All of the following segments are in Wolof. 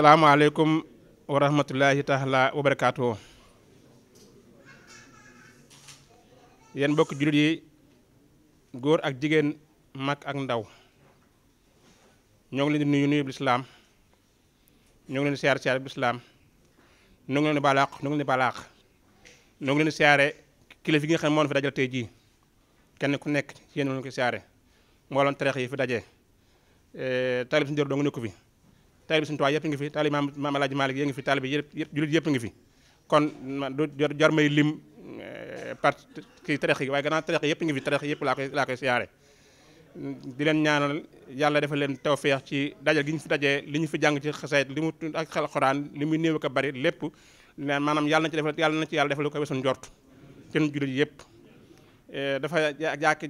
asalaamaaleykum wa rahmatullahi taala wa barakaatu yéen mbokk jullit yi góor ak jigéen mag ak ndaw ñoo ngi leen di nuyu nuyu bu lislaam ñoo ngi leen di siyaare siyaare bu lislaam ñoo ngi leen di balaax ñoo ngi leen di balaax ñoo ngi leen di siyaare kilifa yi nga xam ne moo fi kenn ku nekk ci yéen ñu ko siyaare mbooloon tereex yi fi daje eh, talib si njër doo nga nekku fi taalibe Sëriñ Tuubaa yëpp ngi fi taalibe Maam Alaaji Maalik yëpp ngi fi taalibe yëpp yëpp jullit yëpp ngi fi kon du jar may lim eh, part kii tarex yi waaye gannaaw tarex yëpp ngi fi tarex yëpp laa koy laa koy siyaare di leen ñaanal yàlla defal leen tawféex ci dajal gi ñu fi dajee li ñu fi jàng ci xasaayit li mu ak alxuraan li muy néew ko bari lépp maanaam yàlla na ci defal yàlla na ci yàlla defal ko weesu njort kenn jullit yëpp Eh, dafa jàkk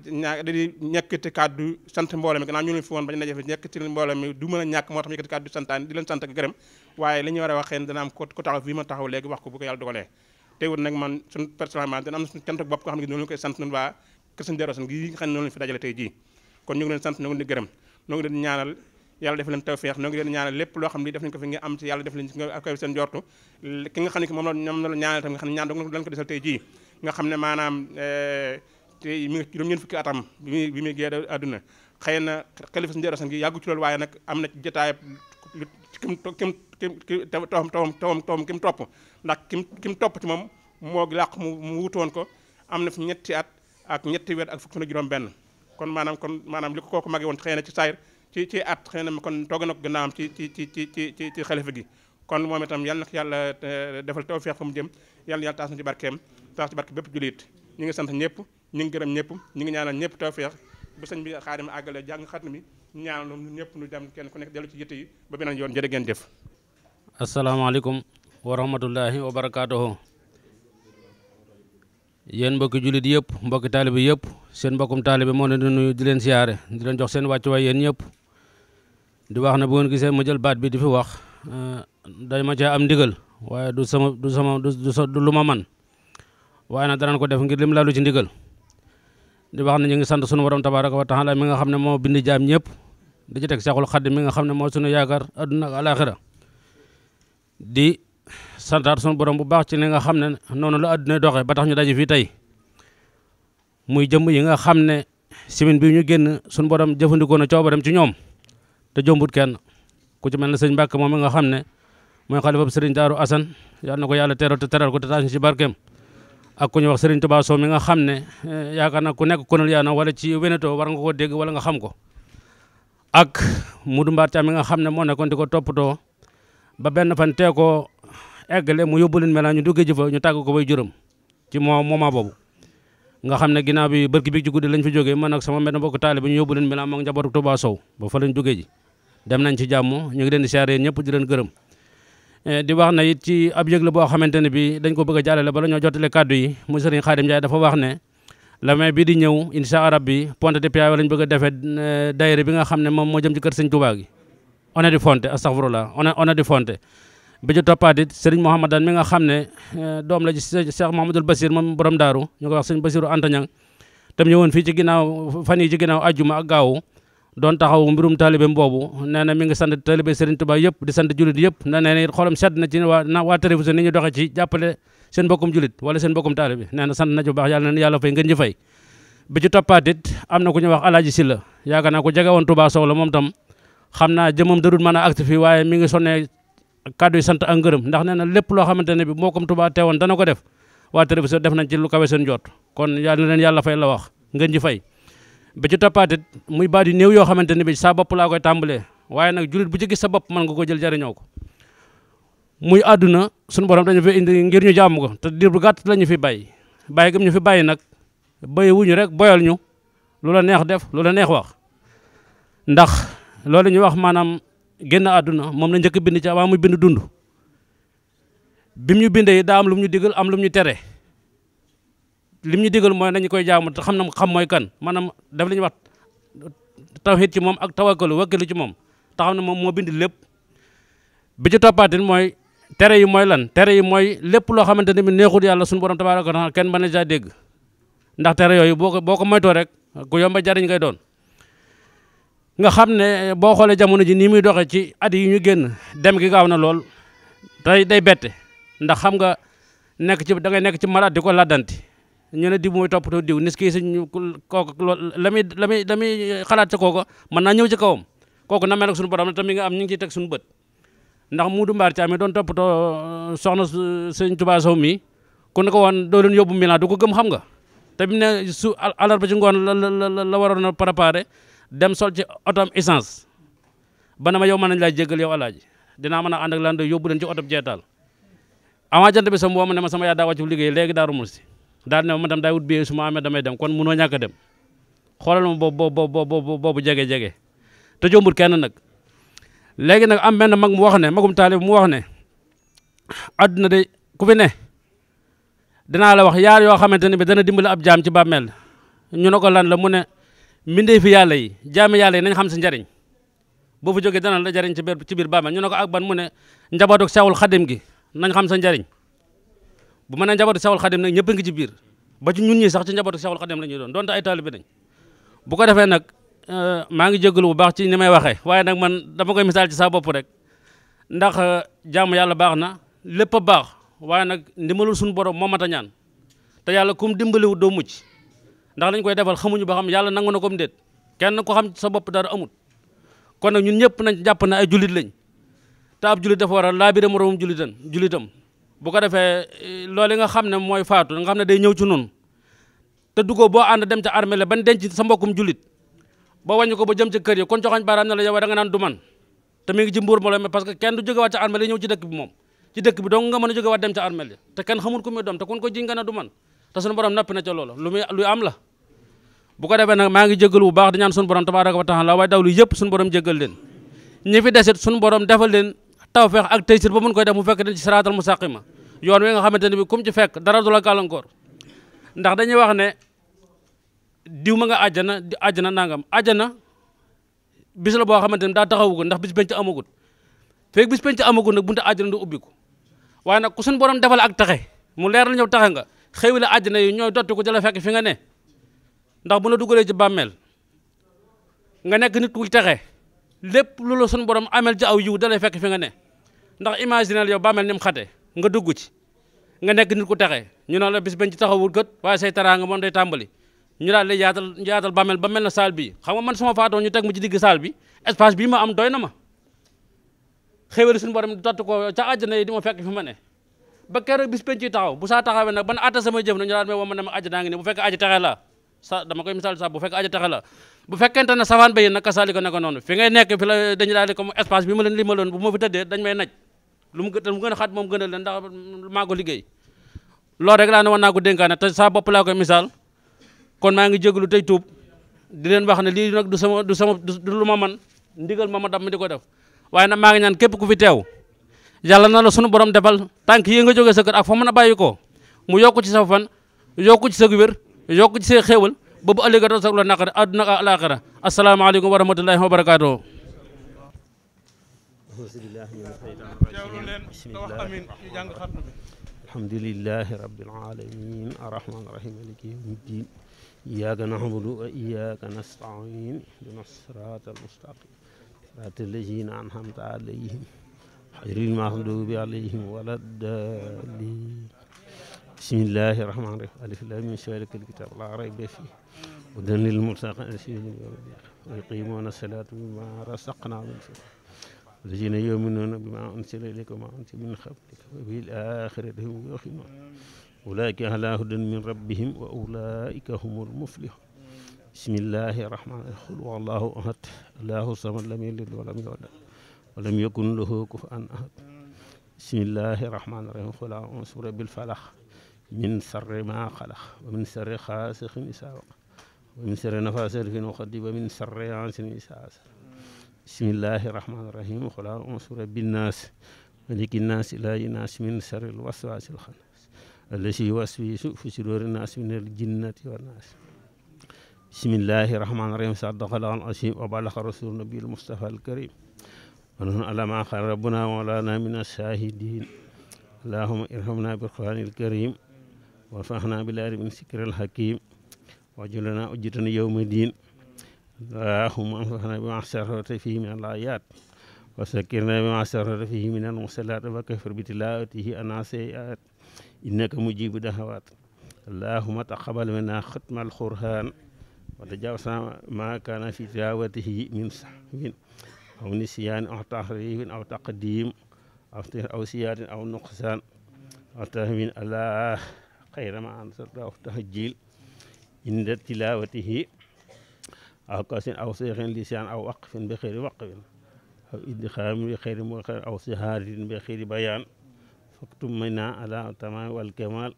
dañuy ñekkati kàddu sant mbooloo mi gannaaw ñu leen fi woon bañ naje fi ñekkati mbooloo mi du mën a ñàkk moo tax ñekkati kàddu santaan di leen sant ñu war a waxee dana am ko taxaw fii ma ko bu ko am suñu cant ak bopp ko fi ngi leen sant ñu def leen tawfeex noo ngi leen ñaanal lépp loo xam ne def nañ ko fi nga am ci yàlla def seen jortu ki nga xam ne moom la ñaanal tam nga xam ne doog na ko desal tey jii nga xam ne maanaam eh, te mi ngi juróom ñeent fukki atam bi muy bi muy génn àdduna xëy na xalifa sëñ Daaru gi yàggu ci waaye nag am na ci jotaay kim kim kim tawam tawam tawam tawam kim topp ndax kim kim topp ci moom moo làq mu mu wutoon ko am na fu ñetti at ak ñetti weer ak fukk fan ak juróom-benn kon maanaam kon maanaam li ko kooku màggee woon xëy na ci saayir ci ci at xëy na kon toog na ko gannaawam ci ci ci ci ci ci xalifa gi kon moom itam yal na ko yàlla eh, defal tawfeex fa mu jëm yàlla yàlla taas na ci barkeem tax ci barke bépp jullit ñu ngi sant ñëpp ñu ngi gërëm ñëpp ñu ngi ñaanal ñëpp tawfeex bu sëñ bi xaadim àggale jàng xatm mi ñu ñaanal ñëpp ñu dem kenn ku nekk dellu ci yitte yi ba beneen yoon jërë ngeen jëf asalaamaaleykum wa rahmatullahi wa barakaatuhu yéen mbokki jullit yëpp mbokki taalibi yëpp seen mbokkum taalibi moo leen di di leen siyaare di leen jox seen wàccuwaay yéen ñëpp di wax na bu ngeen gisee ma jël baat bi di fi wax eh, day ma caa am ndigal waaye du sama du sama lu ma man waaye nag danañ ko def ngir lim lalu ci ndigal di wax na ñu ngi sant sunu borom tabaraka wa taala mi nga xam ne moo bind jaam ñëpp di ci teg Seexul Xaadim mi nga xam ne moo sunu yaakaar adduna ak alaxira di borom bu baax ci li nga xam ne noonu la adduna doxee ba tax ñu daje fii tey muy jëmm yi nga xam ne simin bi ñu génn sunu borom jëfandikoo na coobaram ci ñoom te jombut kenn ku ci mel na sëñ Mbàkke moom mi nga xam ne mooy xale bu sëriñ Daaru Asan yal na ko yàlla teeral te teral ko te taas ñu barkeem ak ku ñuy wax Serigne Touba Sow mi nga xam ne eh, yaakaar naa ku nekk konal yaana wala ci Wénéto war nga koo dégg wala nga xam ko ak Modou Mbar Thiam mi nga xam ne moo nekkoon di ko toppatoo ba benn fan tee ko eggale mu leen melaan ñu duggee ñu tàgg ko bay juróom ci moo moment boobu nga xam ne ginnaaw bi bërki bi ci guddi lañ fa jógee man ak sama benn mbokk taalibe ñu yóbbu leen melaan moom njabootu Touba Sow ba fa lañ duggee ji dem nañ ci jàmm ñu ngi leen di ñëpp di leen gërëm Eh, di wax na it ci ab yëg la boo xamante ne bi dañ ko bëgg a jàllale bala ñoo jottale kaddu yi mu sëriñ Xaadim Njaay dafa wax ne la bi di ñëw incha allah bi Pointe de Piave lañ bëgg a defee eh, bi nga xam ne moom moo jëm ci kër sëñ Tuubaa gi on est di fonte astaghfirullah on est on est di fonte bi ci toppaat it sëriñ Mouhamadane mi nga xam ne eh, doom la ci Cheikh Mouhamadul Basir moom borom daaru ñu ko wax sëñ Basiru Anta Ñang tam ñëwoon fii ci ginnaaw fan yi ci ginnaaw ajjuma ak gaawu doon taxaw mbirum taalibeem boobu nee na mi ngi sant taalibe Serigne Touba yëpp di sant julit yëpp nee na it xolam sedd na ci waa télévision ni ñu doxee ci jàppale seen bokkum julit wala seen bokkum taalibe nee na sant na ci bu baax yàlla na yàlla fay ngeen ji fay bi ci toppaat it am na ku ñu alaaji Silla yaakaar naa ko jege woon Touba Sow la moom tam xam naa jëmam darul mën a acte fii waaye mi ngi sonnee kàddu yi sant ak ngërëm ndax nee na lépp loo xamante ne bi mbokkum Touba teewoon dana ko def waa télévision def nañ na leen yàlla fay la wax ngeen ji fay ba ci toppaatit muy baat yu néew yoo xamante ne bi saa bopp laa koy tàmbalee waaye nag jullit bu ci gis sa bopp man nga ko jël jariñoo ko muy àdduna sunu borom dañu fi indi ngir ñu jàmm ko te diir bu gàtt la ñu fi bay bàyyi gam ñu fi bàyyi nag bàyyi rek boyal ñu lu la neex def lu la neex wax ndax loolu ñu wax maanaam génn àdduna moom la njëkk bind ci avant muy bind dund bim ñu bindee daa am lu ñu digal am lu ñu tere lim ñu digal mooy nañu koy jaamu te xam na xam mooy kan maanaam daf li ñuy wax tawhid ci moom ak tawakkalu wakkilu ci moom te xam moom moo bindi lépp bi ci toppaatin mooy tere yi mooy lan tere yi mooy lépp loo xamante ne bi neexul yàlla suñu borom tabaaraka wa na kenn mën na caa dégg ndax tere yooyu boo ko boo ko moytoo rek ku yomba jariñ ngay doon nga xam ne boo xoolee jamono ji nii muy doxee ci at yi ñu génn dem gi gaaw na lool tey day bette ndax xam nga nekk ci da ngay nekk ci malaat di ko laddanti ñu ne diw mooy toppatoo diw nis kii suñ kooku la muy la muy la muy xalaat ca kooka mën naa ñëw ci kawam kooku na mel ak suñu borom la tamit nga am ñu ngi ciy teg suñu bët ndax muudu mbaar ci amee doon toppatoo euh, soxna sëñ Tuubaa Sow mii ku ne ko woon doo leen yóbbu Milan du ko gëm xam nga te mu ne su alarba ci ngoon la la la la waroon a dem sol ci otom essence ba na ma yow mën nañ laa jéggal yow alaaji dinaa mën a ànd ak lan yóbbu leen ci otom jeetaal avant jant bi sa mboo ma ne ma sama yaa daa wàccu liggéey léegi daa rumul daal ne ma dam daay wut billet su ma amee damay dem kon munoo ñàkk a dem xoolal ma boobu boobu boobu boobu jege jege te jombut kenn nag. léegi nag am benn mag mu wax ne magum taalib mu wax ne àdduna de ku ne dinaa la wax yaar yoo xamante ne bi dana dimbal ab jaam ci bàmmeel ñu ne ko lan la mu ne mbindee fi yàlla yi jaami yàlla nañ xam si njariñ boo fi jógee dana la jariñ ci biir ci biir bàmmeel ñu ne ko ak ban mu ne njabootu seexul xadim gi nañ xam sa njariñ bu mën a njabootu Seexul Xadim nag ñëpp a ngi ci biir ba ci ñun ñi sax ci njabootu Seexul Xadim la ñuy doon donte ay taalibe nañ bu ko defee nag euh, maa ngi jégalu bu baax ci ni may waxee waaye nag man dama koy misaal ci saa bopp rek ndax euh, jaamu yàlla baax na lépp baax waaye nag ndimbalul suñu borom moo mat a ñaan te yàlla kum dimbaliwu doo mucc ndax lañ koy defal xamuñu ba xam yàlla nangu na ko mu déet kenn ko xam sa bopp dara amut kon nag ñun ñëpp nañ jàpp na ay jullit lañ te ab dafa war a laabire moroomam jullitam jullitam bu ko defee eh, loolu nga xam ne mooy faatu nga xam ne day ñëw ci nun te dugoo boo ànd dem ca armée la ban denc sa mbokkum ba wàññi ko ba jëm ci kër yi kon joxañ baaraam ne la yow da nga naan du man te mi ngi ci kenn du jógewaat ca armée la ñëw ci dëkk bi moom ci dëkk bi donc nga mën a jógewaat dem ca armée la te kenn xamul ku muy doom te kun ko jiñ nga ne du man te na ca loolu luy am la bu defee nag maa ngi jégal tawfeex ak tey taysir ba mën koy def mu fekk den ci siraatal mustaqima yoon wi nga xamante ne bi kum ci fekk dañuy wax ne diw ma nga àjjana àjjana nangam àjjana bis la boo xamante ne daa taxawugul ndax bis penc amagut feeg bis penc amagut nag bunte àjjana du ubbiku waaye nag ku suñ borom defal ak taxe mu leer la ñëw taxe nga xëy la àjjana yi ñooy dotti ko jëla fekk fi nga ne ndax bu la dugalee ci bàmmeel nga nekk nit ku taxe lépp lu la sun borom amel ci aw yiw da fekk fi nga ne ndax imaginel yow bameel ni xate nga dugg ci nga nekk nit ku texe ñu naan la bis bañ ci taxawul gët waaye say taraanga moom day tàmbali ñu daal lay yaatal yaatal bàmmeel ba mel na saal bii xam nga man suma faatoo ñu teg mu ci digg saal bi espace bii ma am doy na ma xéwal suñu borom di tott ko ca àjjana yi di fekk fi ma ne ba keroog bis bañ taxaw bu saa taxawee nag ban atta sama jëf na ñu bu fekk àjj texe la sa dama koy misaal sa bu fekk àjj texe la bu fekkente ne safaan ba yéen nag kasaali ko ne ko noonu fi ngay nekk fi la dañu may naj lu mu gën a xat moom gën a leen ndax maa ko liggéey loolu rek laa ne woon naa ko dénkaane te saa bopp laa koy misaal kon maa ngi lu tey tuub di leen wax ne lii nag du sama du sama du lu ma man ndigal ma ma dab mi di ko def waaye nag maa ngi ñaan képp ku fi teew yàlla na la sunu borom defal tànk yi nga jógee sa kër ak fa mën a bàyyi ko mu yokku ci sa fan yokku ci sa wér yokku ci sa xéewal ba bu ëllëg a soxla naqari àdduna ak alaaxira asalaamaaleykum wa rahmatullaahi wa barakaatuh alhamdulillaahi rabbil aalamiin arrahmaani rahiim maaliki yawmi ddiin iyyaaka na'budu wa iyyaaka nasta'iin ihdinas siraatal mustaqiim siraatal laziina an'amta alayhim xayril maxduubi alayhim wala daalliin bismillaahi rahmaani rahiim alif laam miim zaalikal kitaabu laa rayba fiihi وذن للمتقين ويقيمون الصلاة بما رزقناهم والذين يؤمنون بما أنزل إليك وما أنزل من قبلك وبالآخرة هم يوقنون أولئك على هدى من ربهم وأولئك هم المفلحون بسم الله الرحمن الرحيم قل والله أحد الله الصمد لم يلد ولم يولد ولم يكن له كفوا أحد بسم الله الرحمن الرحيم قل أعوذ برب الفلق من شر ما خلق ومن شر غاسق إذا وقب ومن شر نفاثات في العقد ومن شر حاسد إذا حسد بسم الله الرحمن الرحيم قل أعوذ برب الناس ملك الناس إله الناس من شر الوسواس الخناس الذي يوسوس في صدور الناس من الجنة والناس بسم الله الرحمن الرحيم صدق الله العظيم وبلغ رسول النبي المصطفى الكريم ونحن على ما قال ربنا ولانا من الشاهدين اللهم ارحمنا بالقرآن الكريم وارفعنا بالله من ذكر الحكيم wajulana ujjatan yawma diin allahumma anfa'na bima sarrafta fihi min al-ayat wa sakkirna bima sarrafta fihi min al-mursalat wa kaffir bi tilawatihi anna sayyi'at innaka mujibu da'awat allahumma taqabbal minna khatma al-qur'an wa tajawazna ma kana fi tilawatihi min sahwin aw nisyan aw tahrifin aw taqdim aw siyatin aw nuqsan aw tahmin ma anzalta aw tahjil inda tilawatihi aw kasin aw seexin lisaan aw waqfin bi xëyri waqfin aw idxaamin bi xëyri mu aw bayaan faktum mina ala tamaam wal kamaal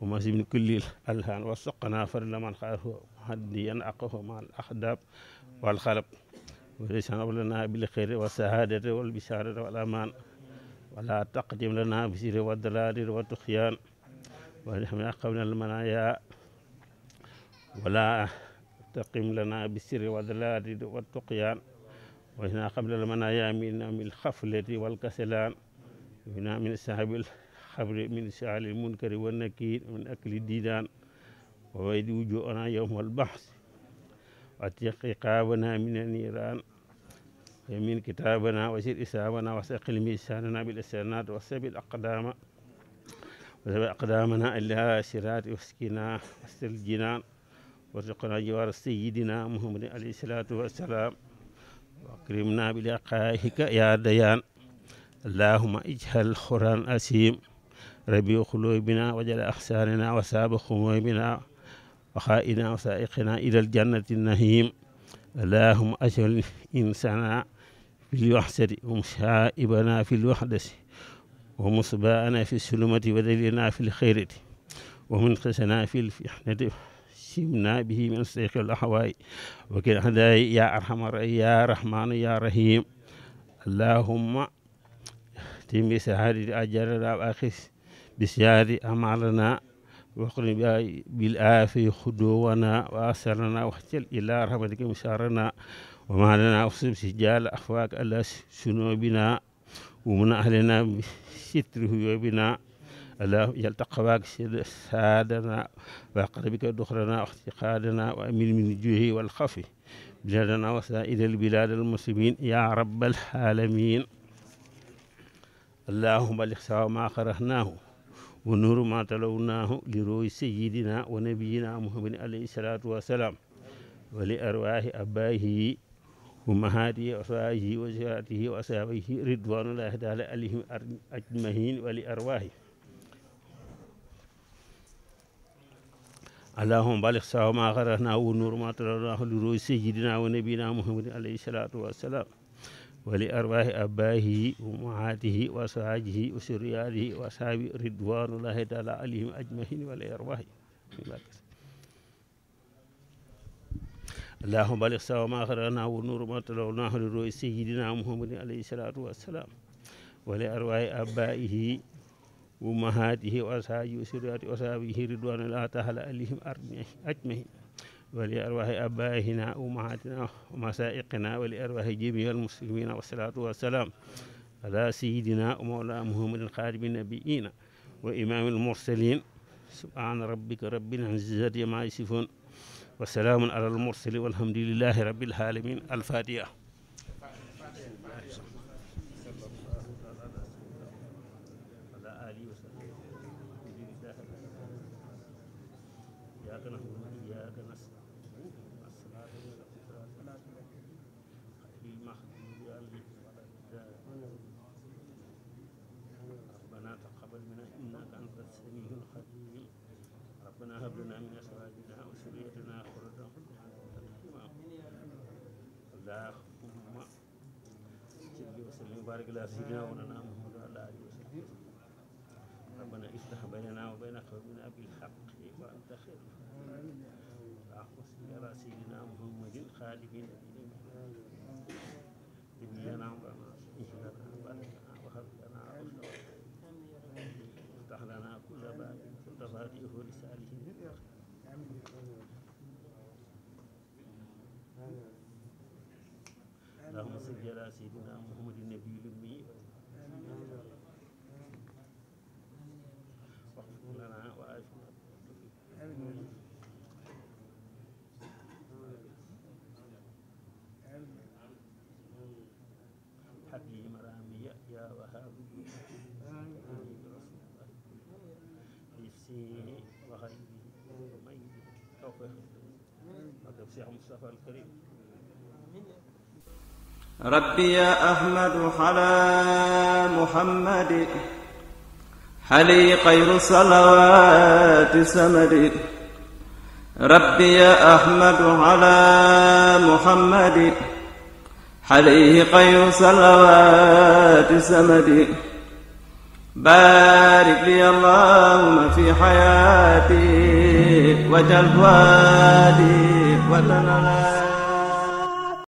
wa masi min kullil alhaan wa soqana farila man xaafu hadiyan aqahu ma al axdaab wal xalab wa lisaan aw lana bil xëyri wa sahaadati wal bishaarati wal amaan wala taqdim lana bisiri wa dalarir wa tuxyaan wa xam ne aqabna ولا تقم لنا بالسر والدلال والتقيان وإنا قبل المنايا منا من الخفلة والكسلان وإنا من صاحب الخبر من سعال المنكر والنكير من أكل الديدان وويد وجوهنا يوم البحث واتق رقابنا من النيران ومن كتابنا وسير إسامنا وسقل ميساننا بالإسانات وسبل أقدام وسبل أقدامنا إلى سرات وسكنا وسر الجنان warzuqnaa jiwaara sayyidina muhammadin alayhi salaatu wassalaam wa akrimnaa bi liqaa'ika yaa dayaan allahumma ijhal xuraan asim rabi xuluubina wajala axsaanina wa saaba xumuumina wa xaa'ina wa saa'iqina ilal jannati nahim allahumma ajal insana fil waxsati wa musaa'ibana fil waxdati wa musbaana fi sulumati wa dalilna fil xayrati wa munqisana fil fixnati simna bihi min seyqi al ahwaay wakil hadaay ya arhamar ya rahmanu ya rahim allahumma timmi sahaadati ajarana wa akhis bisyaari amalana waqrin bil aafi xuduwana wa asarana waxjal ila rahmatika musharana wa maalana afsib sijaal ahfaak ala sunubina wa mun ahlina sitri huyubina اللهم اجعل تقواك سيد سادنا وقربك دخرنا واعتقادنا وامن من الجوه والخوف بلادنا وسائر البلاد المسلمين يا رب العالمين اللهم الاخساء ما قرأناه ونور ما تلوناه لروي سيدنا ونبينا محمد عليه الصلاة والسلام ولأرواح أبائه ومهاته وأصحابه وزوجاته وأصحابه رضوان الله تعالى عليهم أجمعين ولأرواحه اللهم بلغ سوا ما غرنا ونور ما طلعنا لروي سيدنا ونبينا محمد عليه الصلاة والسلام ولأرواح أبائه وأمهاته وأزواجه وسرياته وأصحابه رضوان الله تعالى عليهم أجمعين ولأرواحهم اللهم بلغ سوا ما غرنا ونور ما طلعنا لروي سيدنا محمد عليه الصلاة والسلام ولأرواح أبائه وأمهاته وأصحابه وسريات أصحابه رضوان الله تعالى عليهم أجمعين ولأرواح آبائنا وأمهاتنا ومسائقنا ولأرواح جميع المسلمين والصلاة والسلام على سيدنا ومولانا محمد خاتم النبيين وإمام المرسلين سبحان ربك رب العزة عما يصفون وسلام على المرسلين والحمد لله رب العالمين الفاتحة إياك نعبد وإياك نستعين الصراط المستقيم غير ربنا تقبل منا إنك أنت السميع الخبير ربنا هب لنا من أزواجنا وذريتنا قرة اللهم صل وسلم وبارك على سيدنا مولانا محمد وعلى آله وصحبه وسلم ربنا اصلح بيننا وبين قومنا بالحق وانت خير واحفظ على سيدنا محمد خالد دنيانا عمرنا اهلنا بلدنا وهب لنا رشدا افتح لنا كل باب كل فاتحه رساله اللهم صل على سيدنا محمد النبي الامي لنا وآتنا حبي مرامي يا وهاب نفسي وغيبي وميتي توفيق مكتب شيخ مصطفى الكريم ربي يا أحمد على محمد علي خير الصلوات سمد ربي يا أحمد على محمد عليه خير الصلوات سمد بارك لي اللهم في حياتي وجل وادي وتنالي